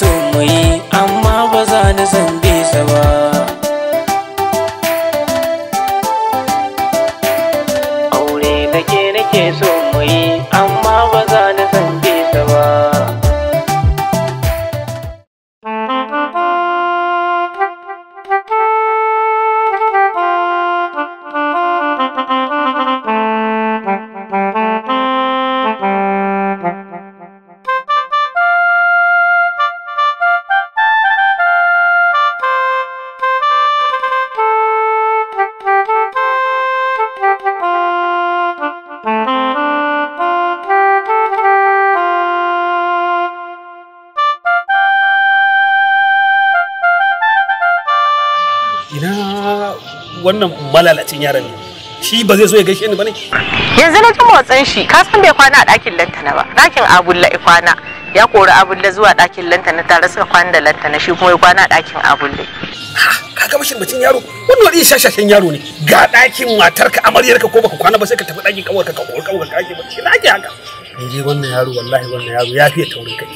so mu yi amma ba za ni zambi wannan malalacin yaran ne shi ba zai so ya gaishe ni bane yanzu na ji motsin shi ka san bai kwana a ɗakin lantana ba ɗakin abulla kwana ya kori abulla zuwa ɗakin lantana tare suka kwana da lantana shi kuma ya kwana a ɗakin abulla ka ga bashin bacin yaro wani wani shashashen yaro ne ga ɗakin matarka amaryarka ko baka kwana ba sai ka tafi ɗakin kawarka ka kori ka ake ba shi ake haka Inji wannan yaro wallahi wannan yaro ya fiye taurin kai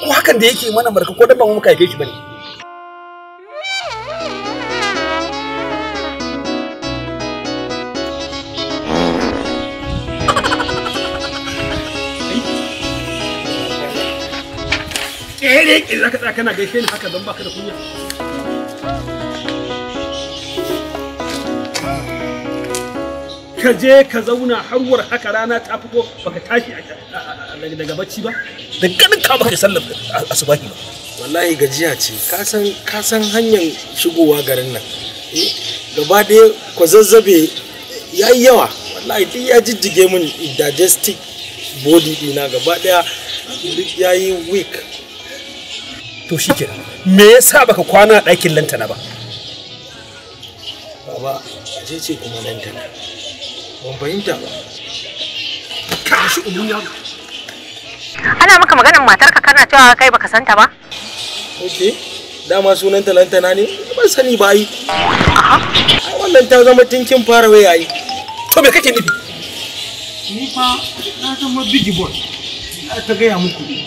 ko hakan da yake mana barka ko dan ba mu muka haife shi bane ƙeƙe za ka tsaya kana gaishe ni haka don baka da kunya ka je ka zauna harwar haka rana ta fito baka tashi daga bacci ba da ganin ka baka sallar asubahi ba wallahi gajiya ce ka san hanyar shigowa garin nan eh, gaba ɗaya ko zazzabe ya yi yawa wallahi duk ya jijjige min digestive body dina gaba ɗaya duk ya yi weak to shikenan me yasa baka kwana a ɗakin lantana ba baba je ce kuma lantana ban fahimta ba ka shi umun yaro ana maka maganar matarka kana cewa kai baka santa ba ok dama sunan ta lantana ne ban sani ba yi ai wannan ta zama tinkin fara waya yayi. to me kake nufi ni fa na zama bigi boy na ta gaya muku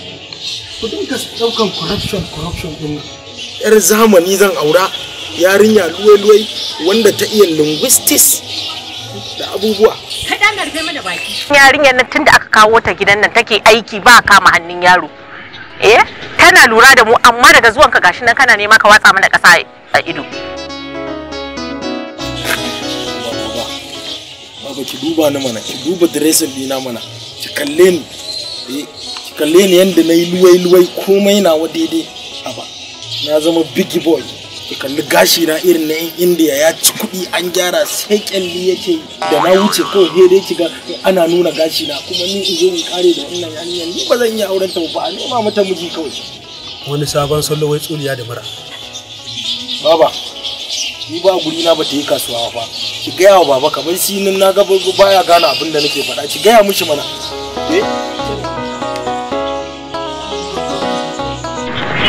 ku dinga daukan corruption corruption din yar zamani zan aura yarinya luwai-luwai wanda ta iya linguistics da abubuwa ka na rufe mana baki yarinya nan tunda aka kawo ta gidan nan take aiki ba kama hannun yaro eh kana lura da mu amma daga zuwan ka gashi nan kana nema ka watsa mana kasa a ido baba ki duba ni mana ki duba dressing dina mana ki kalle ni eh, kalle ni yadda na yi luwai-luwai komai nawa daidai a ba na zama big boy ki kalli gashi na irin na yan indiya ya ci kuɗi an gyara sai kyalli yake da na wuce kawai sai dai ga ana nuna gashi na kuma ni in zo in kare da wannan yarinyar ni ba zan iya auren ta ba a nema mata miji kawai wani sabon sallo wai tsuniya da mura baba ni ba guri na bata yi kasuwa ba ki gaya wa baba kamar sinin na ga baya gane abin da nake faɗa ki gaya mishi mana eh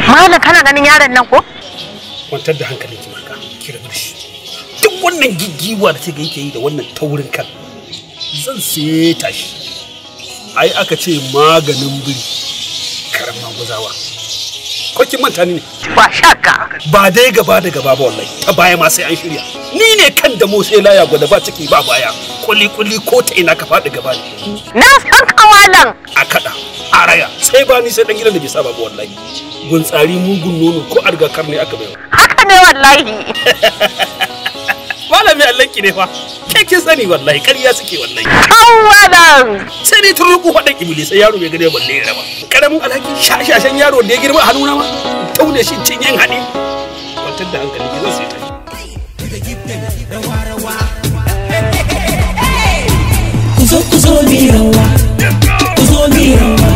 Malam kana ganin yaron nan ko? Kwantar da hankalin ki marka, ki rabu shi. Duk wannan giggiwa da take yake yi da wannan taurin kan zan seta shi. Ai aka ce maganin biri karamar guzawa. ko kin manta ni ne ba shakka ba dai gaba da gaba ba wallahi ta baya ma sai an shirya ni ne kan da mo sai laya gwada ba ciki ba baya kuli kuli ko ta ina ka faɗi gaba ne na san kawalan a kada a raya sai ba ni sai dan gidan da bai saba ba wallahi gun tsari mugun nono ko arga kar ne aka bai haka ne wallahi malami Allah ki ne fa kai kin sani wallahi ƙarya suke wallahi kawalan sai dai ku faɗa iblis sai yaro bai gane balle ya ba karamin alhaki shashashan yaro da ya girma a hannuna ma taune shi cin yin haɗe wantar da hankali ki zan sai ta Kuzo kuzo mi rawa Kuzo mi rawa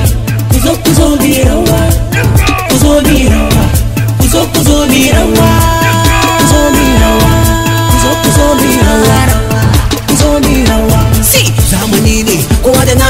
Kuzo kuzo mi rawa Kuzo mi rawa Kuzo kuzo mi rawa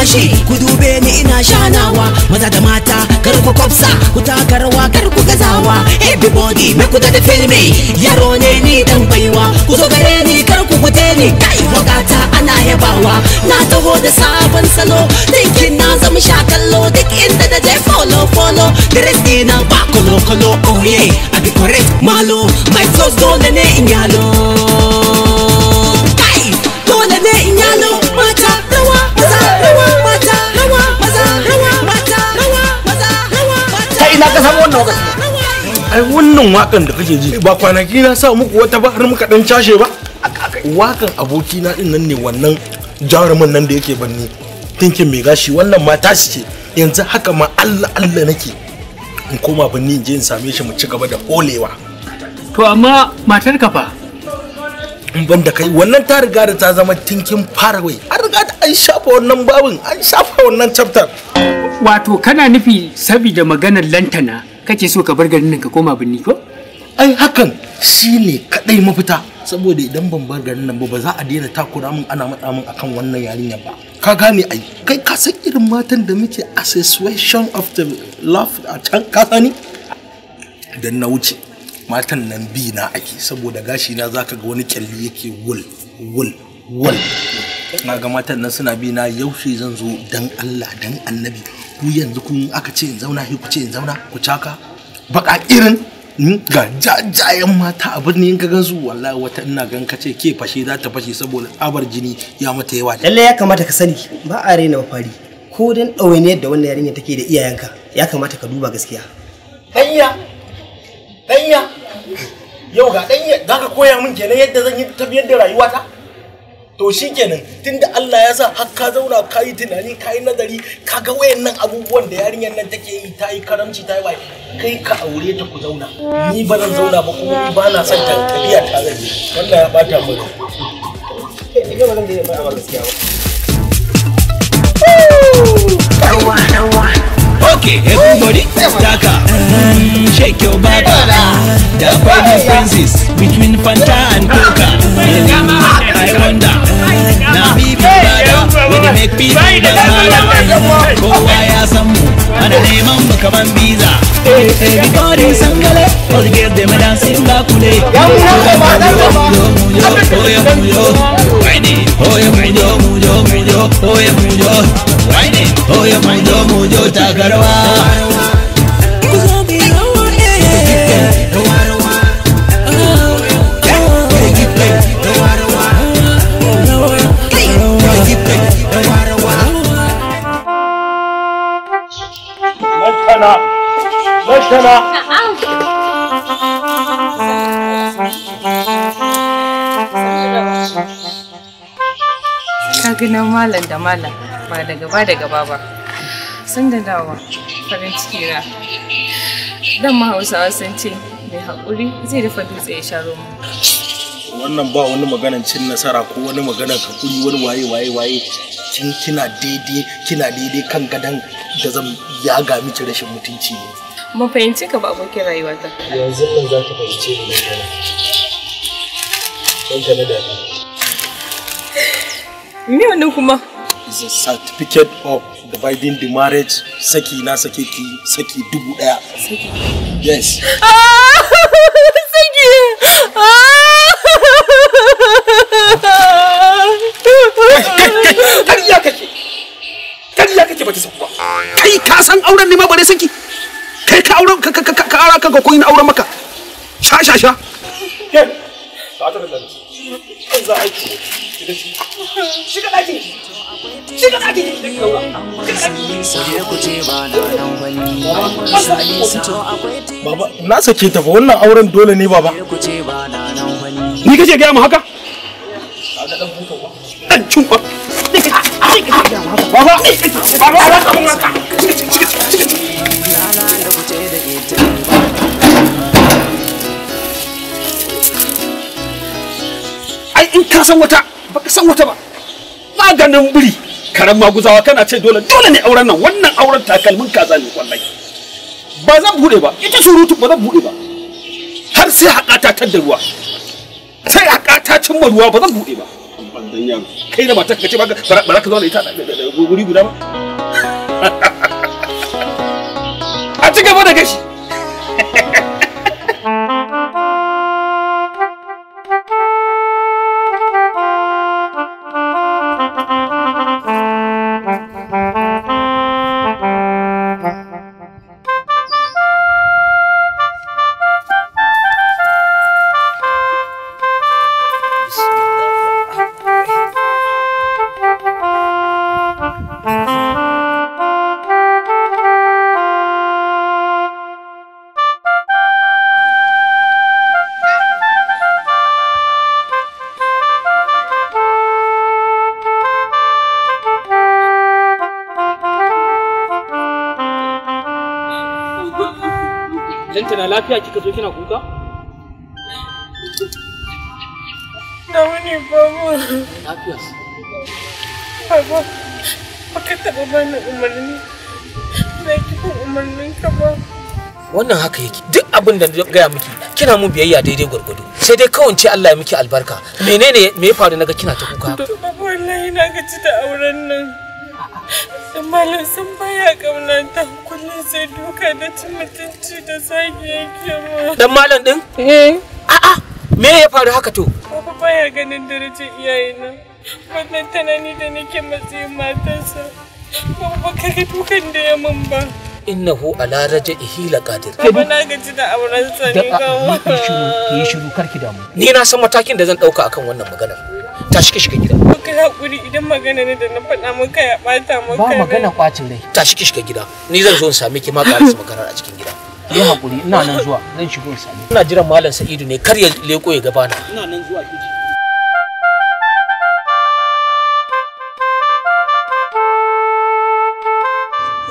mashi ku dube ni ina shanawa maza da mata kar ku kwafsa ku taka rawa kar ku gazawa everybody me ku da filmi yaro ne ni dan baiwa ku zo gare ni kar ku fute ni kai wakata ana yabawa na taho da sabon salo dinkin na zama sha kallo duk inda da je follow follow dress dina ba kolo kolo oh yeah i be correct malo my clothes dole ne eh, in yalo ina ka samu wannan wakati ai wannan wakan da kake ji ba kwanaki na sa muku wata ba har muka dan cashe ba wakan aboki na din nan ne wannan jaruman nan da yake banni tinkin mai gashi wannan ma tashi ce yanzu haka ma Allah Allah nake in koma banni in je in same shi mu ci gaba da olewa to amma matar ka fa in ban da kai wannan ta riga da ta zama tinkin faraway an riga da an shafa wannan babin an shafa wannan chapter wato kana nufi sabida maganar lantana kake so ka bar garin nan ka koma birni ko ai hakan shine kadai mafita saboda idan ban bar garin nan ba ba za a daina takura mun ana matsa mun akan wannan yarinya ba ka gane ai kai ka san irin matan da muke association of the love a can ka sani idan na wuce matan nan bi na ake saboda gashi na zaka ga wani kyalli yake wul wul wul na ga matan nan suna bi na yaushe zan zo dan Allah dan annabi ku yanzu kun aka ce in zauna ku ce in zauna ku caka baka irin hmm, ga jajayen mata a birni in ka gan su wallahi wata ina gan ka ce ke fashe za ta fashe saboda abar jini ya mata yawa lalle ya kamata ka sani ba a raina fari ko dan ɗawainiyar da wannan yarinya take da iyayenka ya kamata ka duba gaskiya danya danya yau ga danya zaka koya min kenan yadda zan yi tafiyar da rayuwata to kenan tunda Allah ya sa har ka zauna ka yi tunani ka yi nazari ka ga wayannan abubuwan da yarinyar nan take yi ta yi karamci ta yi wai kai ka aure ta ku zauna ni ba zan zauna ba kuma ba na son ta tafiya ta zai wanda ya bata mu Okay, everybody, stack up. Shake your body. The funny princess between fantastic. biza da malamin kowa ya san mu ana neman mu kaman biza everybody sangale all girl dem dancing bakule Oye muyo, oye muyo, takarwa. tana ka gina malam da malam ba da gaba da gaba ba sun da dawa farin ciki na dan ma hausawa sun ce mai haƙuri zai rufe dutse ya sharo mu wannan ba wani maganan cin nasara ko wani maganan hakuri wani waye waye waye kin kina daidai kina daidai kan gadan da zan yaga miki rashin mutunci ne Mun fahimci ka ba abokin rayuwata. Yanzu nan za ka fahimce ni magana. Don ka na da Me kuma? Is a certificate of dividing the marriage saki na saki ki saki dubu daya. Saki? Yes. Ah! aura kanka ko yin aure maka sha sha sha baba na sake ta fa wannan auren dole ne baba ni kace gaya mu haka ai in ka san wata baka san wata ba maganin biri karan maguzawa kana ce dole dole ne auren nan wannan auren takalmin kaza ne wallahi ba zan bude ba ita surutu ba zan bude ba har sai haƙata ta da ruwa sai haƙata cimma ruwa ba zan bude ba dan yaro kai da matar ka ce ba za ka zo da ita guri guda ba a ci gaba da gashi lafiya kika zo kina kuka? Na wani babu. Lafiya. Babu. baka taɓa bani umarni. Na kifin umarnin ka ba. Wannan haka yake duk abin da gaya miki kina mu biyayya daidai gwargwado sai dai kawai ce Allah ya miki albarka menene me ya faru naga kina ta kuka. Babu wallahi na gaci da auren nan. malam sun baya gamnanta kullum sai duka da cin mutunci da zagi ya ma. Dan malam din? Eh. A'a, me ya faru haka to? Baba baya ganin darajar iyayena. Wannan tana ni da nake matsayin matarsa. Baba ba ka ga dukan da ya min ba. innahu ala raja ihila qadir baba na gaji da auren sa ne gawo ki shiru ki shiru karki damu ni na san matakin da zan dauka akan wannan maganar tashi ki shiga gida kai hakuri idan magana ne da na faɗa kai ya bata kai. ba magana kwacin rai tashi ki ka gida ni zan zo in same ki ma ƙarasa makarar a cikin gida yi hakuri ina nan zuwa zan shigo in same ina jiran malam sa'idu ne kar ya leko ya gabana ina nan zuwa ki.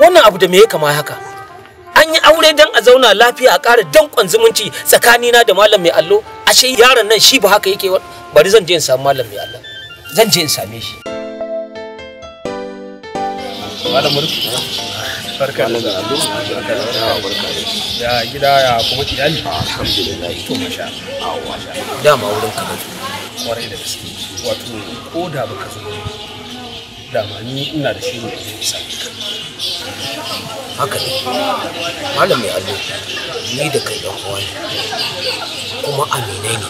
wannan abu da me ya kama haka an yi aure don a zauna lafiya a ƙara danƙon zumunci tsakanina da malam mai allo ashe yaron nan shi ba haka yake bari zan je in samu malam mai Allah zan je in same shi malam murfi barka da barka ya gida ya kuma iyali alhamdulillah to masha Allah dama wurin ka bato kware da gaske wato ko da baka zo dama ni ina da shi ne haka ne malam mai allo ni da kai dan uwa kuma aminai ne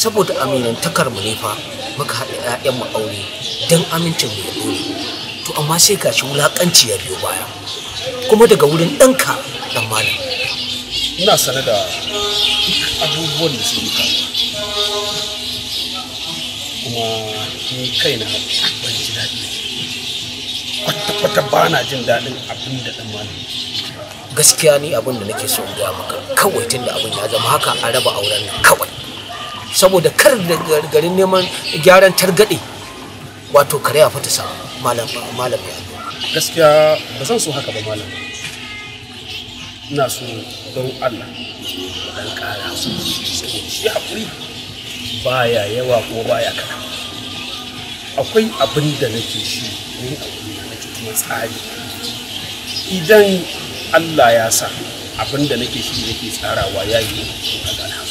saboda aminantakar mu ne fa muka haɗa ƴaƴan mu aure dan amincin mu ya dole to amma sai ka ci wulakanci ya biyo baya kuma daga wurin ɗanka dan malam ina sanar da abubuwan da suke kawo kuma ni kaina ban ji daɗi kwata-kwata ba na jin daɗin abin da ɗan malam gaskiya ni abin da nake so in gaya maka kawai tun abin ya zama haka a raba auren kawai saboda kar garin neman gyaran targaɗe wato kare a fata sa malam malam gaskiya ba zan so haka ba malam ina so don Allah dan kara su shi hakuri baya yawa ko baya kana akwai abin da nake shi ni abin da nake kuma tsari idan Allah ya sa abin da nake shi nake tsarawa yayi na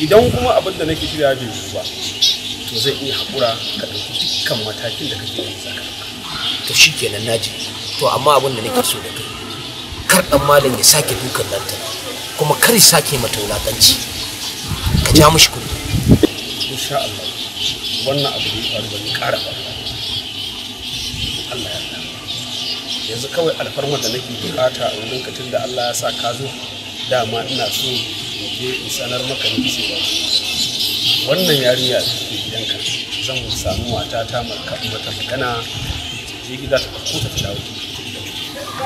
idan kuma abin da nake shirya bai ba to zai iya haƙura ka ɗauki dukkan matakin da kake yi zaka to shikenan naji to amma abin da nake so da kai kar ɗan malam ya sake dukan nan ta kuma kar ya sake mata wulakanci ka ja mishi kuɗi insha Allah wannan abu da faru ba ni ƙara ba Allah ya yanzu kawai alfarmar da nake bukata a wurin ka tunda Allah ya sa ka zo dama ina so je in sanar maka ni cewa wannan yarinya da ke gidanka zan samu mata ta maka mata magana je gida ta ko ta dawo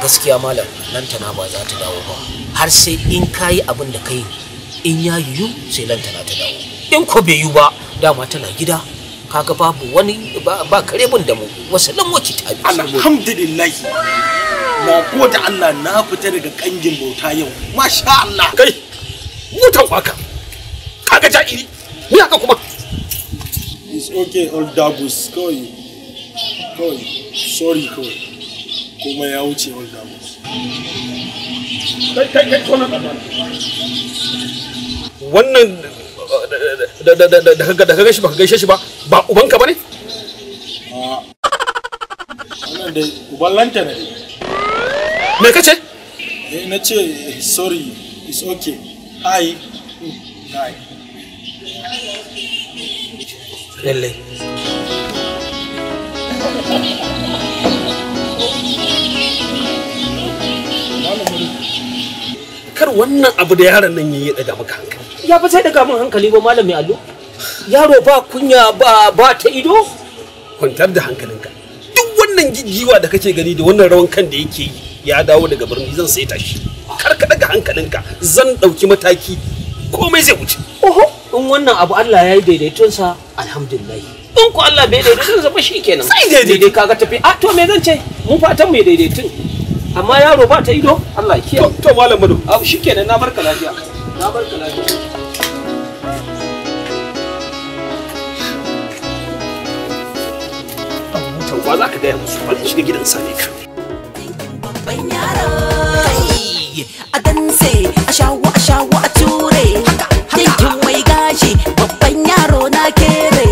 gaskiya malam nan ta na ba za ta dawo ba har sai in kayi abin da kai in ya yiwu sai nan ta na ta dawo in ko bai yiwu ba dama tana gida kaga babu wani ba kare bin da mu wasu lan waki ta alhamdulillah na gode Allah na fita daga kangin bauta yau masha Allah kai mutan baka kaga ja'iri ni haka kuma it's okay all dabus kawai kawai sorry kawai kuma ya wuce all dabus kai kai kai wannan da kaga shi ba ka gaishe shi ba ba ubanka bane ah, wannan da uban lanta ne me kace eh na ce eh, sorry it's okay Ai. Ai. Lallai. Kar wannan abu da yaron nan ya daga maka hankali. Ya ba sai daga min hankali ba malami allo. Yaro ba kunya ba ba ta ido. Kwantar da hankalinka. Duk wannan gigiwa da kake gani da wannan rawan kan da yake yi ya dawo daga birni zan saita shi. kar ka daga hankalinka zan dauki mataki komai zai wuce oho in wannan abu Allah ya yi sa alhamdulillah in ku Allah bai sa ba shikenan sai daidai kaga tafi a to me zan ce mu fatan mu daidaiton amma yaro ba ta ido Allah ya kiyaye to malam madu abu shikenan na barka lafiya na barka lafiya ba za ka gaya musu ba shiga gidan same ka. a danse a shawo a shawo a ture yankin mai gashi babban yaro na kere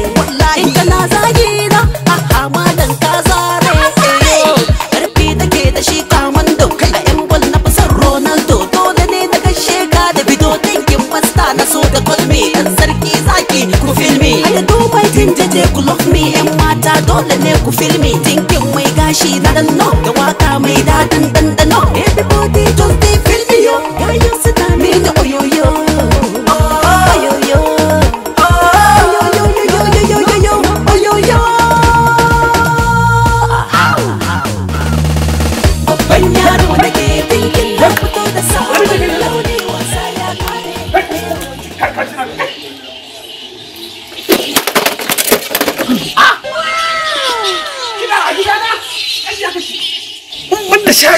in kana zagi na a hamadan ka zare eh, karfi take da shi kaman dauka a yan bol na fasar ronaldo dole ne da gashe ka da bido dangin masta na so da kwalmi dan sarki zaki ku filmi da dubai tin jaje ku love me yan mata dole ne ku filmi dinkin mai gashi na dan no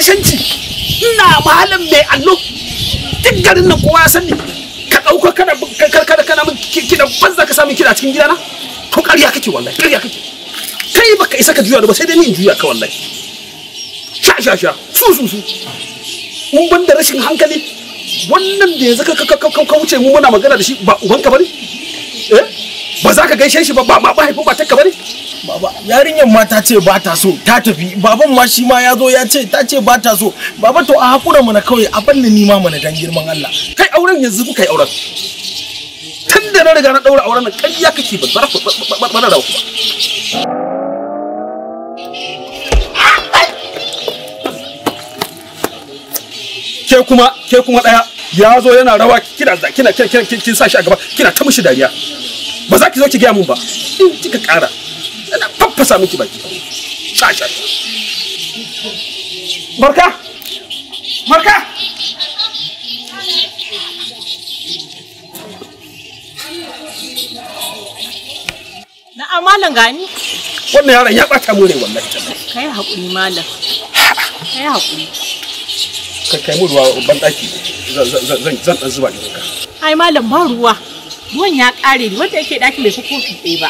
canji ina malam mai allo duk garin nan kowa ya sani ka dauko kana kana kana min kida banza ka samu kida cikin gidana to ƙarya kake wallahi ƙarya kake kai baka isa ka juya da ba sai dai ni juya ka wallahi sha sha sha su su su mun ban da rashin hankali wannan da yanzu ka ka ka ka wuce mu muna magana da shi ba ubanka bane eh ba za ka gaishe shi ba ba ba haifin ba takka bane Baba, yarinyar ma ta ce ba ta so, ta tafi. Baban ma shi ma ya zo ya ce ta ce ba ta so. Baba to a hakura mana kawai a banna ni ma mana dan girman Allah. Kai auren yanzu kuka yi auren. Tun da na riga na daura auren nan kai ya kake babbar babbar da kuma. Ke kuma ke kuma daya ya zo yana rawa kina kina kina kin sa shi a gaba kina ta mishi dariya. Ba za ki zo ki gaya mun ba. In kika kara fasa miki baki sha sha barka barka na amalan gani wannan yaron ya bata mu ne wallahi kai hakuri malam kai hakuri ka kai mu ruwa ban daki zan zan dan zuba ki ka ai malam ba ruwa ruwan ya kare ni wanda yake daki bai fi kofi ɗaya ba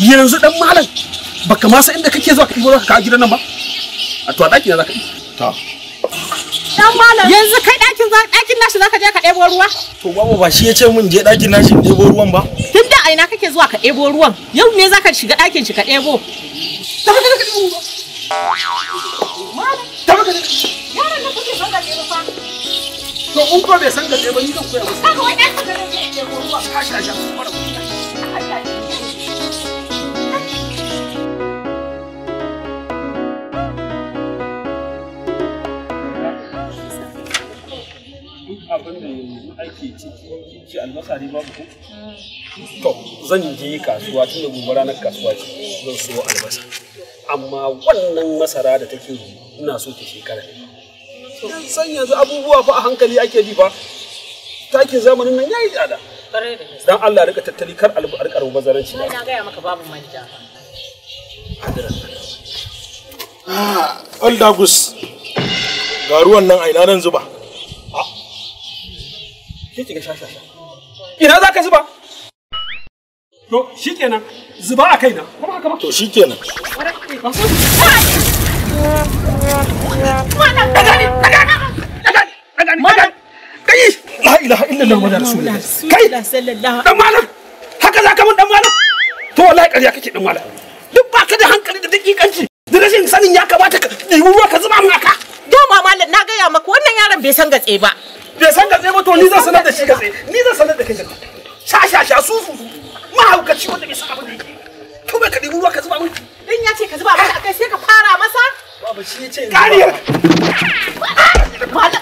yanzu dan malam baka ma san inda kake zuwa kake zuwa ka gidan nan ba a to a daki za ka yi to dan malam yanzu kai dakin za dakin nashi ka je ka ɗebo ruwa to babu ba shi yace mun je dakin nashi in ɗebo ruwan ba tun da aina kake zuwa ka ɗebo ruwan yau ne zaka shiga dakin shi ka ɗebo yaran da kuke son ka fa to in ko bai san ka ɗebo ni zan koya musu kaga wai ɗan da zan ɗebo ruwa ka kuma da abin da yanzu ake ciki ce albasa ne babu ko? To zan je kasuwa tun da gobe ranar kasuwa ce zan so albasa. Amma wannan masara da take ina so ta shekara ne. San yanzu abubuwa fa a hankali ake bi fa. Takin zamanin nan yayi tsada. Dan Allah rika tattali kar albu alƙar bazaranci. Ina gaya maka babu manja. Adiran. Ah, Aldagus. Ga nan a ina nan zuba. ke ki shashasha ina za ka zuba to shikenan zuba a kaina kuma haka ba to shikenan La haka za ka mun dan malam to wallahi ƙarya kake dan malam duk ba ka da hankali da dakikanci da rashin sanin ya kamata ka ɗibi ruwa ka zuba mun aka dama malam na gaya maka wannan yaron bai san gatse ba bai san to ni zan sanar da shi gatse ni zan sanar da kai gatse sha sha sha su su mahaukaci wanda bai san abin da yake to bai ka ɗibi ruwa ka zuba mun in ya ce ka zuba masa akai sai ka fara masa baba shi ya ce kariyar baba ka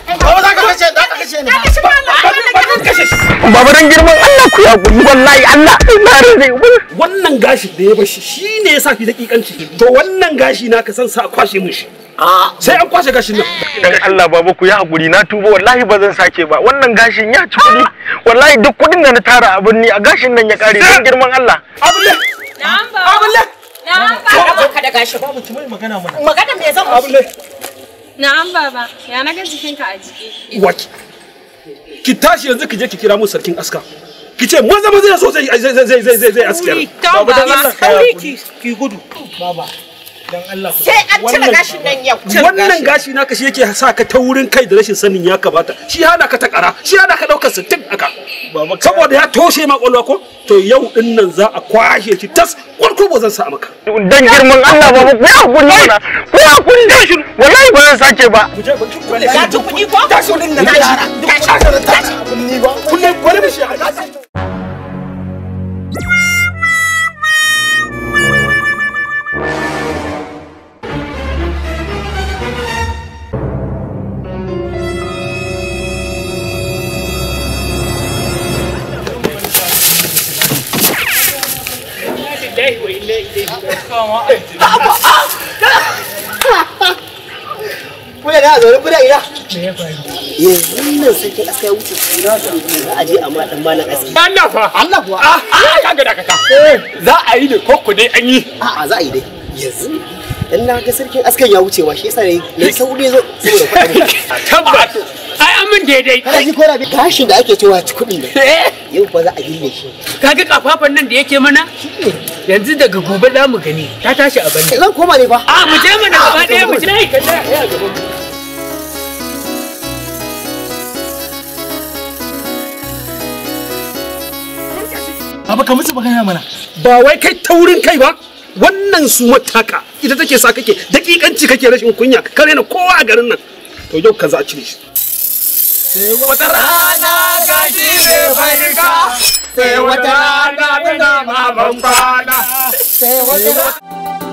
ka baba dan girman Allah ku ya gudu wallahi Allah na rage wannan gashi da ya bashi shine yasa fi dakikanci to wannan gashi na ka san sa kwashe mun shi sai an kwashe gashin nan dan Allah baba ku ya hakuri na tuba wallahi ba zan sake ba wannan gashin ya ci kudi wallahi duk kudin da na tara a ni a gashin nan ya kare don girman Allah abulle na'am ba abulle na'am ba abaka da gashin babu ki mai magana mana magana me zan abulle na'am baba ya na ga jikinka a jike waki ki tashi yanzu ki je ki kira mu sarkin aska ki ce maza maza ya so zai zai zai zai zai askiyar baba ki gudu baba sai an cire gashin nan yau wannan gashi na kashi yake sa ka ta wurin kai da rashin sanin ya kamata shi hana ka ta kara shi hana ka daukar sittin aka saboda ya toshe ma kwalwa ko to yau din nan za a kwashe shi tas kwarko ba zan sa maka dan girman Allah ba ku ya na ku ya kunni shi wallahi ba zan sake ba ku je ba ki ta ko ta shi ta ta shi ba shi ma kuna ah, ah, da ina sai aka wuce na san a je amma dan Allah fa Allah kuwa da kaka za a yi ne ko ku dai an yi a ah, za a yi dai yanzu na ga sarkin askan ya wucewa shi yasa ne sauri zo saboda kuɗi tabbata ai amin daidai kana ji kora bi gashin da ake cewa kuɗi ne eh. yau fa za a gille shi kaga kafafan nan da yake mana yanzu daga gobe za mu gani ta tashi a bani zan koma ne fa a mu je mana gaba ɗaya mu je ka ta ya Abu ka musu magana mana. Ba wai kai taurin kai ba. Wannan su mataka ita take sa kake dakikanci kake rashin kunya ka rena kowa a garin nan. To yau ka za a cire shi. wata rana ga shi ne barka sai wata rana tana maman kwana sai wata rana